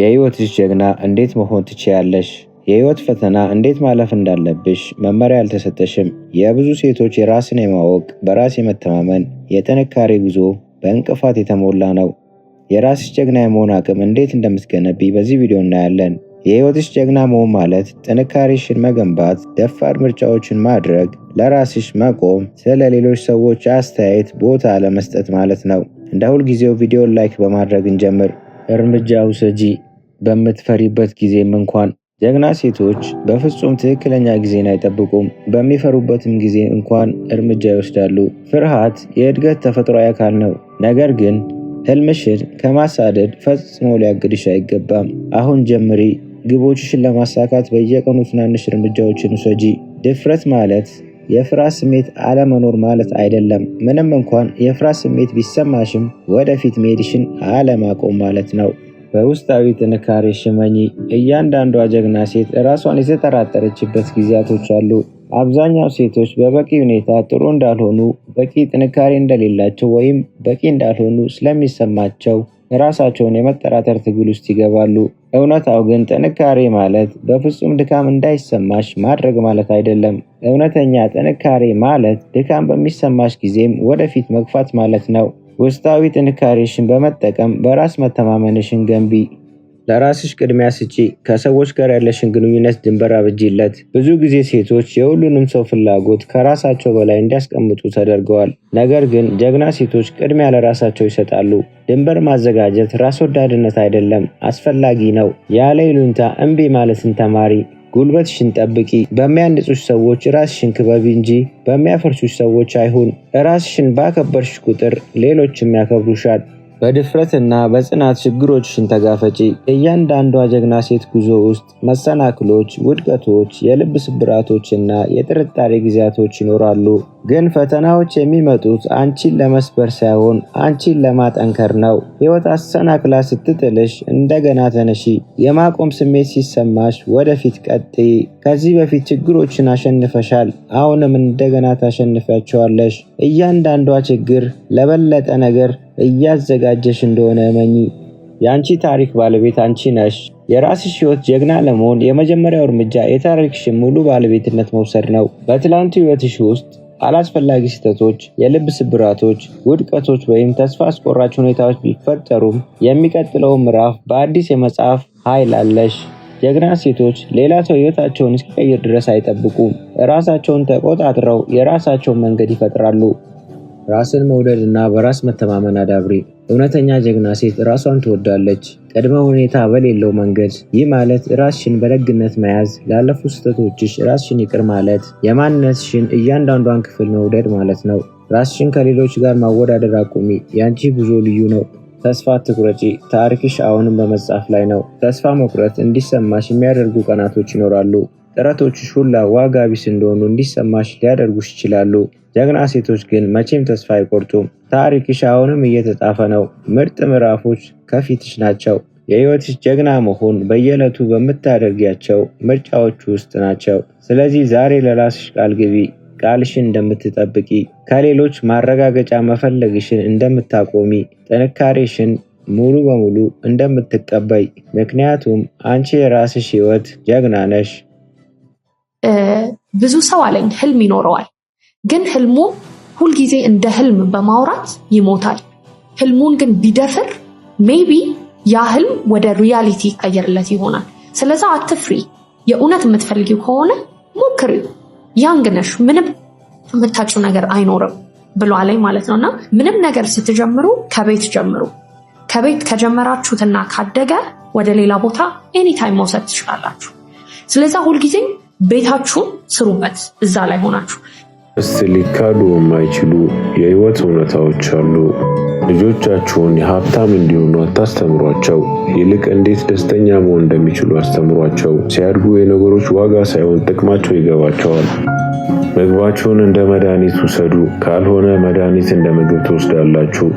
የሕይወትሽ ጀግና እንዴት መሆን ትችያለሽ? የህይወት ፈተና እንዴት ማለፍ እንዳለብሽ መመሪያ አልተሰጠሽም። የብዙ ሴቶች የራስን የማወቅ በራስ የመተማመን የጥንካሬ ጉዞ በእንቅፋት የተሞላ ነው። የራስሽ ጀግና የመሆን አቅም እንዴት እንደምትገነቢ በዚህ ቪዲዮ እናያለን። የህይወትሽ ጀግና መሆን ማለት ጥንካሬሽን መገንባት፣ ደፋር ምርጫዎችን ማድረግ፣ ለራስሽ መቆም፣ ስለ ሌሎች ሰዎች አስተያየት ቦታ ለመስጠት ማለት ነው። እንደ ሁልጊዜው ቪዲዮን ላይክ በማድረግ እንጀምር። እርምጃ ውሰጂ። በምትፈሪበት ጊዜም እንኳን ጀግና ሴቶች በፍጹም ትክክለኛ ጊዜን አይጠብቁም። በሚፈሩበትም ጊዜ እንኳን እርምጃ ይወስዳሉ። ፍርሃት የእድገት ተፈጥሯዊ አካል ነው። ነገር ግን ህልምሽን ከማሳደድ ፈጽሞ ሊያግድሽ አይገባም። አሁን ጀምሪ። ግቦችሽን ለማሳካት በየቀኑ ትናንሽ እርምጃዎችን ውሰጂ። ድፍረት ማለት የፍርሃት ስሜት አለመኖር ማለት አይደለም። ምንም እንኳን የፍርሃት ስሜት ቢሰማሽም ወደፊት መሄድሽን አለማቆም ማለት ነው። በውስጣዊ ጥንካሬ ሽመኚ። እያንዳንዷ ጀግና ሴት ራሷን የተጠራጠረችበት ጊዜያቶች አሉ። አብዛኛው ሴቶች በበቂ ሁኔታ ጥሩ እንዳልሆኑ፣ በቂ ጥንካሬ እንደሌላቸው ወይም በቂ እንዳልሆኑ ስለሚሰማቸው ራሳቸውን የመጠራጠር ትግል ውስጥ ይገባሉ። እውነታው ግን ጥንካሬ ማለት በፍጹም ድካም እንዳይሰማሽ ማድረግ ማለት አይደለም። እውነተኛ ጥንካሬ ማለት ድካም በሚሰማሽ ጊዜም ወደፊት መግፋት ማለት ነው። ውስጣዊ ጥንካሬሽን በመጠቀም በራስ መተማመንሽን ገንቢ። ለራስሽ ቅድሚያ ስጪ። ከሰዎች ጋር ያለሽን ግንኙነት ድንበር አብጂለት። ብዙ ጊዜ ሴቶች የሁሉንም ሰው ፍላጎት ከራሳቸው በላይ እንዲያስቀምጡ ተደርገዋል። ነገር ግን ጀግና ሴቶች ቅድሚያ ለራሳቸው ይሰጣሉ። ድንበር ማዘጋጀት ራስ ወዳድነት አይደለም፣ አስፈላጊ ነው። ያለ ይሉኝታ እምቢ ማለትን ተማሪ። ጉልበትሽን ጠብቂ። በሚያንጹሽ ሰዎች ራስሽን ክበቢ እንጂ በሚያፈርሱሽ ሰዎች አይሁን። ራስሽን ባከበርሽ ቁጥር ሌሎችም ያከብሩሻል። በድፍረትና በጽናት ችግሮችሽን ተጋፈጪ። የእያንዳንዷ ጀግና ሴት ጉዞ ውስጥ መሰናክሎች፣ ውድቀቶች፣ የልብ ስብራቶችና የጥርጣሬ ጊዜያቶች ይኖራሉ። ግን ፈተናዎች የሚመጡት አንቺን ለመስበር ሳይሆን አንቺን ለማጠንከር ነው። ሕይወት አሰናክላ ስትጥልሽ እንደገና ተነሺ። የማቆም ስሜት ሲሰማሽ ወደፊት ቀጥይ። ከዚህ በፊት ችግሮችን አሸንፈሻል። አሁንም እንደገና ታሸንፊያቸዋለሽ። እያንዳንዷ ችግር ለበለጠ ነገር እያዘጋጀሽ እንደሆነ እመኚ። የአንቺ ታሪክ ባለቤት አንቺ ነሽ። የራስሽ ህይወት ጀግና ለመሆን የመጀመሪያው እርምጃ የታሪክሽን ሙሉ ባለቤትነት መውሰድ ነው። በትላንቱ ህይወትሽ ውስጥ አላስፈላጊ ስህተቶች፣ የልብ ስብራቶች፣ ውድቀቶች ወይም ተስፋ አስቆራች ሁኔታዎች ቢፈጠሩም የሚቀጥለው ምዕራፍ በአዲስ የመጽሐፍ ኃይል አለሽ። ጀግና ሴቶች ሌላ ሰው ሕይወታቸውን እስኪቀይር ድረስ አይጠብቁም። ራሳቸውን ተቆጣጥረው የራሳቸውን መንገድ ይፈጥራሉ። ራስን መውደድ እና በራስ መተማመን አዳብሪ። እውነተኛ ጀግና ሴት ራሷን ትወዳለች፣ ቅድመ ሁኔታ በሌለው መንገድ። ይህ ማለት ራስሽን በደግነት መያዝ፣ ላለፉ ስህተቶችሽ ራስሽን ይቅር ማለት፣ የማንነትሽን እያንዳንዷን ክፍል መውደድ ማለት ነው። ራስሽን ከሌሎች ጋር ማወዳደር አቁሚ። ያንቺ ጉዞ ልዩ ነው። ተስፋ አትቁረጪ። ታሪክሽ አሁንም በመጻፍ ላይ ነው። ተስፋ መቁረጥ እንዲሰማሽ የሚያደርጉ ቀናቶች ይኖራሉ። ጥረቶችሽ ሁላ ዋጋ ቢስ እንደሆኑ እንዲሰማሽ ሊያደርጉሽ ይችላሉ። ጀግና ሴቶች ግን መቼም ተስፋ አይቆርጡም። ታሪክሽ አሁንም እየተጻፈ ነው። ምርጥ ምዕራፎች ከፊትሽ ናቸው። የህይወትሽ ጀግና መሆን በየዕለቱ በምታደርጊያቸው ምርጫዎች ውስጥ ናቸው። ስለዚህ ዛሬ ለራስሽ ቃል ግቢ። ቃልሽን እንደምትጠብቂ፣ ከሌሎች ማረጋገጫ መፈለግሽን እንደምታቆሚ፣ ጥንካሬሽን ሙሉ በሙሉ እንደምትቀበይ። ምክንያቱም አንቺ የራስሽ ህይወት ጀግና ነሽ። ብዙ ሰው አለኝ ህልም ይኖረዋል፣ ግን ህልሙ ሁልጊዜ እንደ ህልም በማውራት ይሞታል። ህልሙን ግን ቢደፍር ሜቢ ያ ህልም ወደ ሪያሊቲ ይቀየርለት ይሆናል። ስለዛ አትፍሪ። የእውነት የምትፈልጊው ከሆነ ሞክሪው። ያንግ ነሽ፣ ምንም የምታጩ ነገር አይኖርም ብሎ አለኝ ማለት ነው። እና ምንም ነገር ስትጀምሩ ከቤት ጀምሩ። ከቤት ከጀመራችሁትና ካደገ ወደ ሌላ ቦታ ኤኒታይም መውሰድ ትችላላችሁ። ስለዚ ሁልጊዜም ቤታችሁን ስሩበት እዛ ላይ ሆናችሁ። እስ ሊካዱ የማይችሉ የህይወት እውነታዎች አሉ። ልጆቻችሁን የሀብታም እንዲሆኑ አታስተምሯቸው፣ ይልቅ እንዴት ደስተኛ መሆን እንደሚችሉ አስተምሯቸው። ሲያድጉ የነገሮች ዋጋ ሳይሆን ጥቅማቸው ይገባቸዋል። ምግባችሁን እንደ መድኃኒት ውሰዱ፣ ካልሆነ መድኃኒት እንደ ምግብ ትወስዳላችሁ።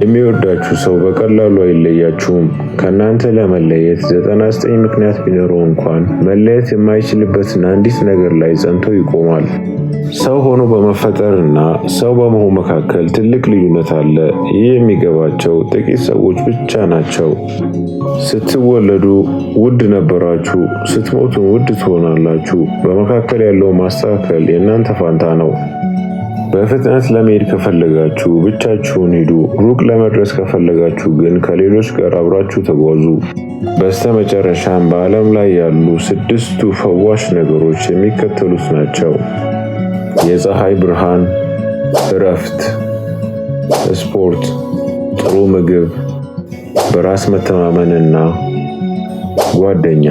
የሚወዳችሁ ሰው በቀላሉ አይለያችሁም። ከእናንተ ለመለየት ዘጠና ምክንያት ቢኖረው እንኳን መለየት የማይችልበትን አንዲት ነገር ላይ ጸንቶ ይቆማል። ሰው ሆኖ በመፈጠርና ሰው በመሆን መካከል ትልቅ ልዩነት አለ። ይህ የሚገባቸው ጥቂት ሰዎች ብቻ ናቸው። ስትወለዱ ውድ ነበራችሁ፣ ስትሞቱን ውድ ትሆናላችሁ። በመካከል ያለው ማስተካከል የእናንተ ፋንታ ነው። በፍጥነት ለመሄድ ከፈለጋችሁ ብቻችሁን ሂዱ። ሩቅ ለመድረስ ከፈለጋችሁ ግን ከሌሎች ጋር አብራችሁ ተጓዙ። በስተመጨረሻም በዓለም ላይ ያሉ ስድስቱ ፈዋሽ ነገሮች የሚከተሉት ናቸው። የፀሐይ ብርሃን፣ እረፍት፣ ስፖርት፣ ጥሩ ምግብ፣ በራስ መተማመንና ጓደኛ።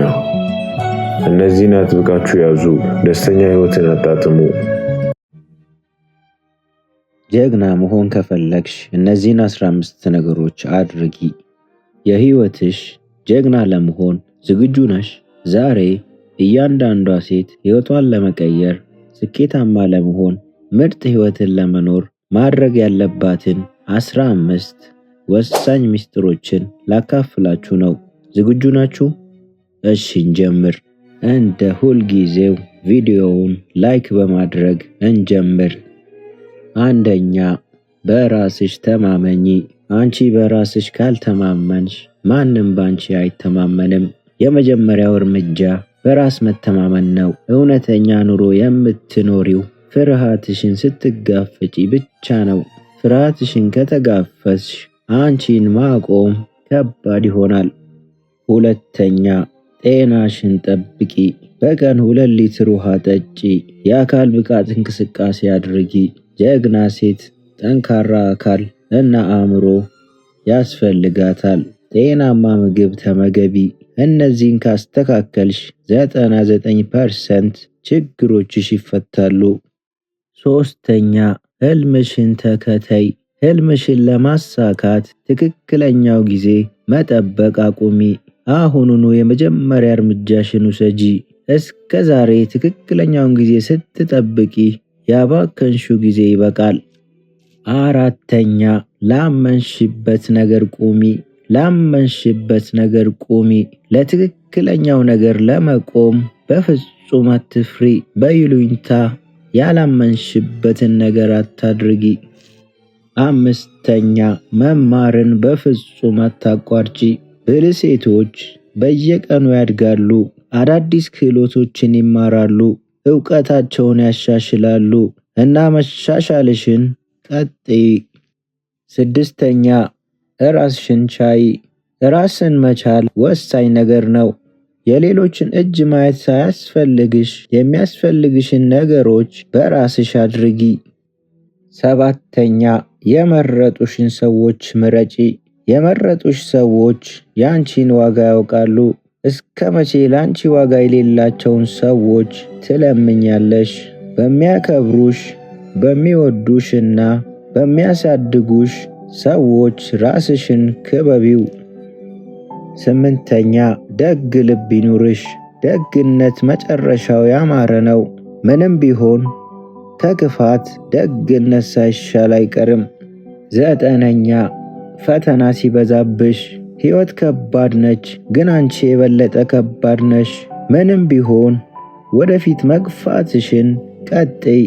እነዚህን አጥብቃችሁ ያዙ። ደስተኛ ሕይወትን አጣጥሙ። ጀግና መሆን ከፈለግሽ እነዚህን 15 ነገሮች አድርጊ። የህይወትሽ ጀግና ለመሆን ዝግጁ ነሽ? ዛሬ እያንዳንዷ ሴት ህይወቷን ለመቀየር፣ ስኬታማ ለመሆን፣ ምርጥ ህይወትን ለመኖር ማድረግ ያለባትን 15 ወሳኝ ምስጢሮችን ላካፍላችሁ ነው። ዝግጁ ናችሁ? እሺ እንጀምር። እንደ ሁልጊዜው ቪዲዮውን ላይክ በማድረግ እንጀምር። አንደኛ በራስሽ ተማመኚ። አንቺ በራስሽ ካልተማመንሽ ማንም ባንቺ አይተማመንም። የመጀመሪያው እርምጃ በራስ መተማመን ነው። እውነተኛ ኑሮ የምትኖሪው ፍርሃትሽን ስትጋፈጪ ብቻ ነው። ፍርሃትሽን ከተጋፈስሽ አንቺን ማቆም ከባድ ይሆናል። ሁለተኛ ጤናሽን ጠብቂ። በቀን ሁለት ሊትር ውሃ ጠጪ። የአካል ብቃት እንቅስቃሴ አድርጊ። ጀግና ሴት ጠንካራ አካል እና አእምሮ ያስፈልጋታል። ጤናማ ምግብ ተመገቢ። እነዚህን ካስተካከልሽ 99% ችግሮችሽ ይፈታሉ። ሶስተኛ ህልምሽን ተከተይ። ህልምሽን ለማሳካት ትክክለኛው ጊዜ መጠበቅ አቁሚ። አሁኑኑ የመጀመሪያ እርምጃሽን ውሰጂ። እስከ ዛሬ ትክክለኛውን ጊዜ ስትጠብቂ ያባከንሹ ጊዜ ይበቃል። አራተኛ ላመንሽበት ነገር ቁሚ። ላመንሽበት ነገር ቁሚ። ለትክክለኛው ነገር ለመቆም በፍጹም አትፍሪ። በይሉኝታ ያላመንሽበትን ነገር አታድርጊ። አምስተኛ መማርን በፍጹም አታቋርጪ። ብልሴቶች በየቀኑ ያድጋሉ፣ አዳዲስ ክህሎቶችን ይማራሉ፣ እውቀታቸውን ያሻሽላሉ እና መሻሻልሽን ቀጥይ። ስድስተኛ ራስሽን ቻይ። ራስን መቻል ወሳኝ ነገር ነው። የሌሎችን እጅ ማየት ሳያስፈልግሽ የሚያስፈልግሽን ነገሮች በራስሽ አድርጊ። ሰባተኛ የመረጡሽን ሰዎች ምረጪ። የመረጡሽ ሰዎች ያንቺን ዋጋ ያውቃሉ እስከ መቼ ላንቺ ዋጋ የሌላቸውን ሰዎች ትለምኛለሽ? በሚያከብሩሽ በሚወዱሽና በሚያሳድጉሽ ሰዎች ራስሽን ክበቢው። ስምንተኛ ደግ ልብ ይኑርሽ። ደግነት መጨረሻው ያማረ ነው። ምንም ቢሆን ከክፋት ደግነት ሳይሻል አይቀርም። ዘጠነኛ ፈተና ሲበዛብሽ ሕይወት ከባድ ነች፣ ግን አንቺ የበለጠ ከባድ ነሽ። ምንም ቢሆን ወደፊት መግፋትሽን ቀጥይ፣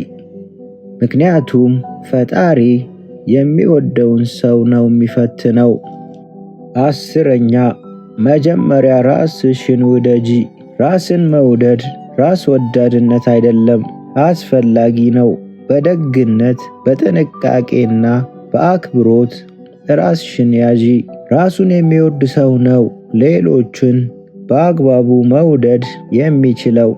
ምክንያቱም ፈጣሪ የሚወደውን ሰው ነው የሚፈትነው። አስረኛ መጀመሪያ ራስሽን ውደጂ። ራስን መውደድ ራስ ወዳድነት አይደለም፣ አስፈላጊ ነው። በደግነት በጥንቃቄና በአክብሮት ራስሽን ያዢ። ራሱን የሚወድ ሰው ነው ሌሎቹን በአግባቡ መውደድ የሚችለው።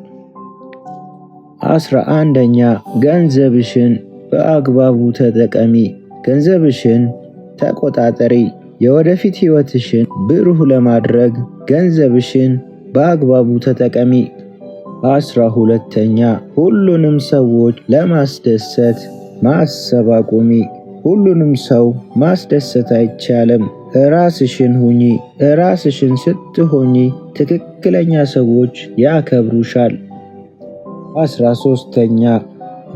አስራ አንደኛ ገንዘብሽን በአግባቡ ተጠቀሚ። ገንዘብሽን ተቆጣጠሪ። የወደፊት ሕይወትሽን ብሩህ ለማድረግ ገንዘብሽን በአግባቡ ተጠቀሚ። አስራ ሁለተኛ ሁሉንም ሰዎች ለማስደሰት ማሰብ አቁሚ። ሁሉንም ሰው ማስደሰት አይቻልም። ራስሽን ሁኚ። ራስሽን ስትሆኚ ትክክለኛ ሰዎች ያከብሩሻል። አስራ ሶስተኛ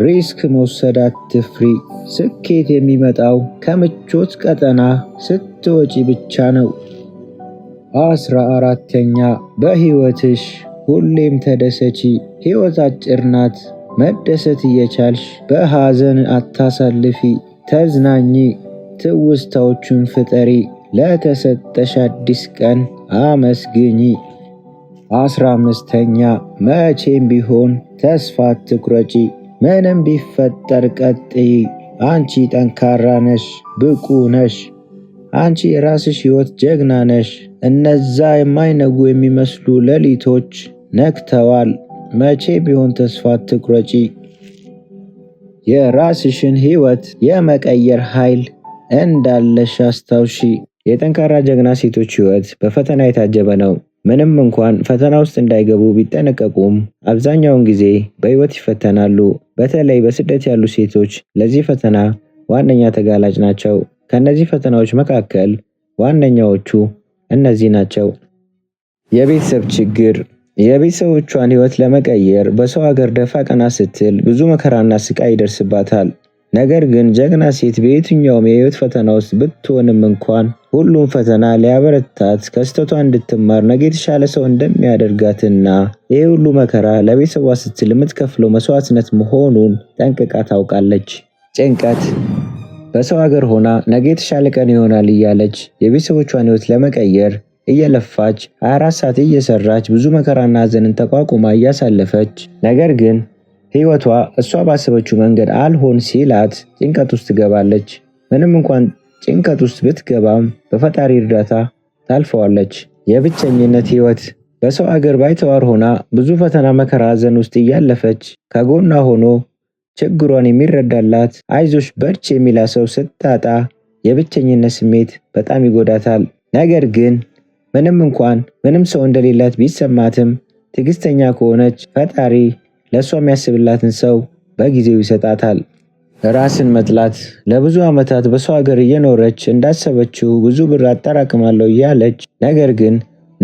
ሪስክ መውሰድ አትፍሪ። ስኬት የሚመጣው ከምቾት ቀጠና ስትወጪ ብቻ ነው። አስራ አራተኛ በሕይወትሽ ሁሌም ተደሰቺ። ሕይወት አጭር ናት። መደሰት እየቻልሽ በሐዘን አታሳልፊ። ተዝናኚ፣ ትውስታዎቹን ፍጠሪ፣ ለተሰጠሽ አዲስ ቀን አመስግኚ። አስራ አምስተኛ መቼም ቢሆን ተስፋ ትኩረጪ ምንም ቢፈጠር ቀጥይ። አንቺ ጠንካራ ነሽ፣ ብቁ ነሽ። አንቺ የራስሽ ሕይወት ጀግና ነሽ። እነዛ የማይነጉ የሚመስሉ ሌሊቶች ነግተዋል። መቼ ቢሆን ተስፋ አትቁረጪ። የራስሽን ህይወት የመቀየር ኃይል እንዳለሽ አስታውሺ። የጠንካራ ጀግና ሴቶች ህይወት በፈተና የታጀበ ነው። ምንም እንኳን ፈተና ውስጥ እንዳይገቡ ቢጠነቀቁም አብዛኛውን ጊዜ በህይወት ይፈተናሉ። በተለይ በስደት ያሉ ሴቶች ለዚህ ፈተና ዋነኛ ተጋላጭ ናቸው። ከእነዚህ ፈተናዎች መካከል ዋነኛዎቹ እነዚህ ናቸው፦ የቤተሰብ ችግር የቤተሰቦቿን ህይወት ለመቀየር በሰው ሀገር ደፋ ቀና ስትል ብዙ መከራና ስቃይ ይደርስባታል። ነገር ግን ጀግና ሴት በየትኛውም የህይወት ፈተና ውስጥ ብትሆንም እንኳን ሁሉም ፈተና ሊያበረታት፣ ከስተቷ እንድትማር ነገ የተሻለ ሰው እንደሚያደርጋትና ይህ ሁሉ መከራ ለቤተሰቧ ስትል የምትከፍለው መስዋዕትነት መሆኑን ጠንቅቃ ታውቃለች። ጭንቀት በሰው ሀገር ሆና ነገ የተሻለ ቀን ይሆናል እያለች የቤተሰቦቿን ህይወት ለመቀየር እየለፋች 24 ሰዓት እየሰራች ብዙ መከራና ሀዘንን ተቋቁማ እያሳለፈች ነገር ግን ህይወቷ እሷ ባሰበችው መንገድ አልሆን ሲላት ጭንቀት ውስጥ ትገባለች። ምንም እንኳን ጭንቀት ውስጥ ብትገባም በፈጣሪ እርዳታ ታልፈዋለች። የብቸኝነት ህይወት በሰው አገር ባይተዋር ሆና ብዙ ፈተና፣ መከራ፣ ሀዘን ውስጥ እያለፈች ከጎኗ ሆኖ ችግሯን የሚረዳላት አይዞሽ በርች የሚላ ሰው ስታጣ የብቸኝነት ስሜት በጣም ይጎዳታል። ነገር ግን ምንም እንኳን ምንም ሰው እንደሌላት ቢሰማትም ትዕግስተኛ ከሆነች ፈጣሪ ለእሷ የሚያስብላትን ሰው በጊዜው ይሰጣታል። ራስን መጥላት ለብዙ ዓመታት በሰው ሀገር እየኖረች እንዳሰበችው ብዙ ብር አጠራቅማለሁ እያለች ነገር ግን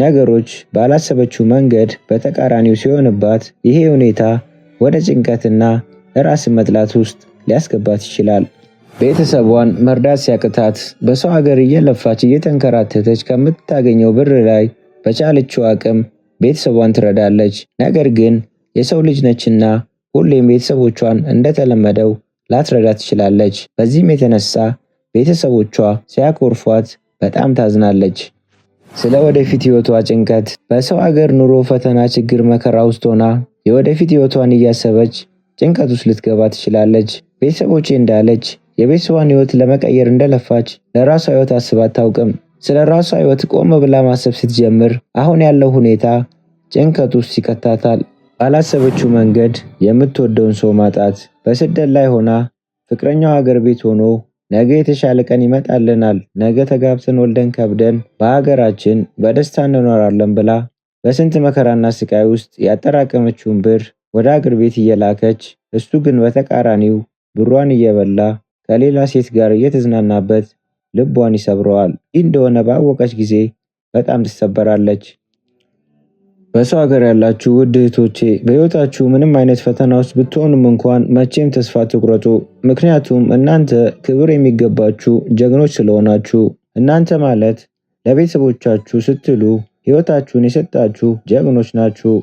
ነገሮች ባላሰበችው መንገድ በተቃራኒው ሲሆንባት ይሄ ሁኔታ ወደ ጭንቀትና ራስን መጥላት ውስጥ ሊያስገባት ይችላል። ቤተሰቧን መርዳት ሲያቅታት በሰው ሀገር እየለፋች እየተንከራተተች ከምታገኘው ብር ላይ በቻለችው አቅም ቤተሰቧን ትረዳለች። ነገር ግን የሰው ልጅ ነችና ሁሌም ቤተሰቦቿን እንደተለመደው ላትረዳ ትችላለች። በዚህም የተነሳ ቤተሰቦቿ ሲያኮርፏት በጣም ታዝናለች። ስለ ወደፊት ህይወቷ ጭንቀት በሰው አገር ኑሮ ፈተና፣ ችግር፣ መከራ ውስጥ ሆና የወደፊት ህይወቷን እያሰበች ጭንቀት ውስጥ ልትገባ ትችላለች። ቤተሰቦቼ እንዳለች የቤተሰቧን ህይወት ለመቀየር እንደለፋች ለራሷ ህይወት አስባ አታውቅም። ስለ ራሷ ህይወት ቆም ብላ ማሰብ ስትጀምር አሁን ያለው ሁኔታ ጭንቀት ውስጥ ይከታታል። ባላሰበችው መንገድ የምትወደውን ሰው ማጣት፣ በስደት ላይ ሆና ፍቅረኛው ሀገር ቤት ሆኖ ነገ የተሻለ ቀን ይመጣልናል፣ ነገ ተጋብተን ወልደን ከብደን በሀገራችን በደስታ እንኖራለን ብላ በስንት መከራና ስቃይ ውስጥ ያጠራቀመችውን ብር ወደ አገር ቤት እየላከች እሱ ግን በተቃራኒው ብሯን እየበላ ከሌላ ሴት ጋር እየተዝናናበት ልቧን ይሰብረዋል። ይህ እንደሆነ ባወቀች ጊዜ በጣም ትሰበራለች። በሰው ሀገር ያላችሁ ውድ እህቶቼ በህይወታችሁ ምንም አይነት ፈተና ውስጥ ብትሆኑም እንኳን መቼም ተስፋ ትቁረጡ። ምክንያቱም እናንተ ክብር የሚገባችሁ ጀግኖች ስለሆናችሁ፣ እናንተ ማለት ለቤተሰቦቻችሁ ስትሉ ህይወታችሁን የሰጣችሁ ጀግኖች ናችሁ።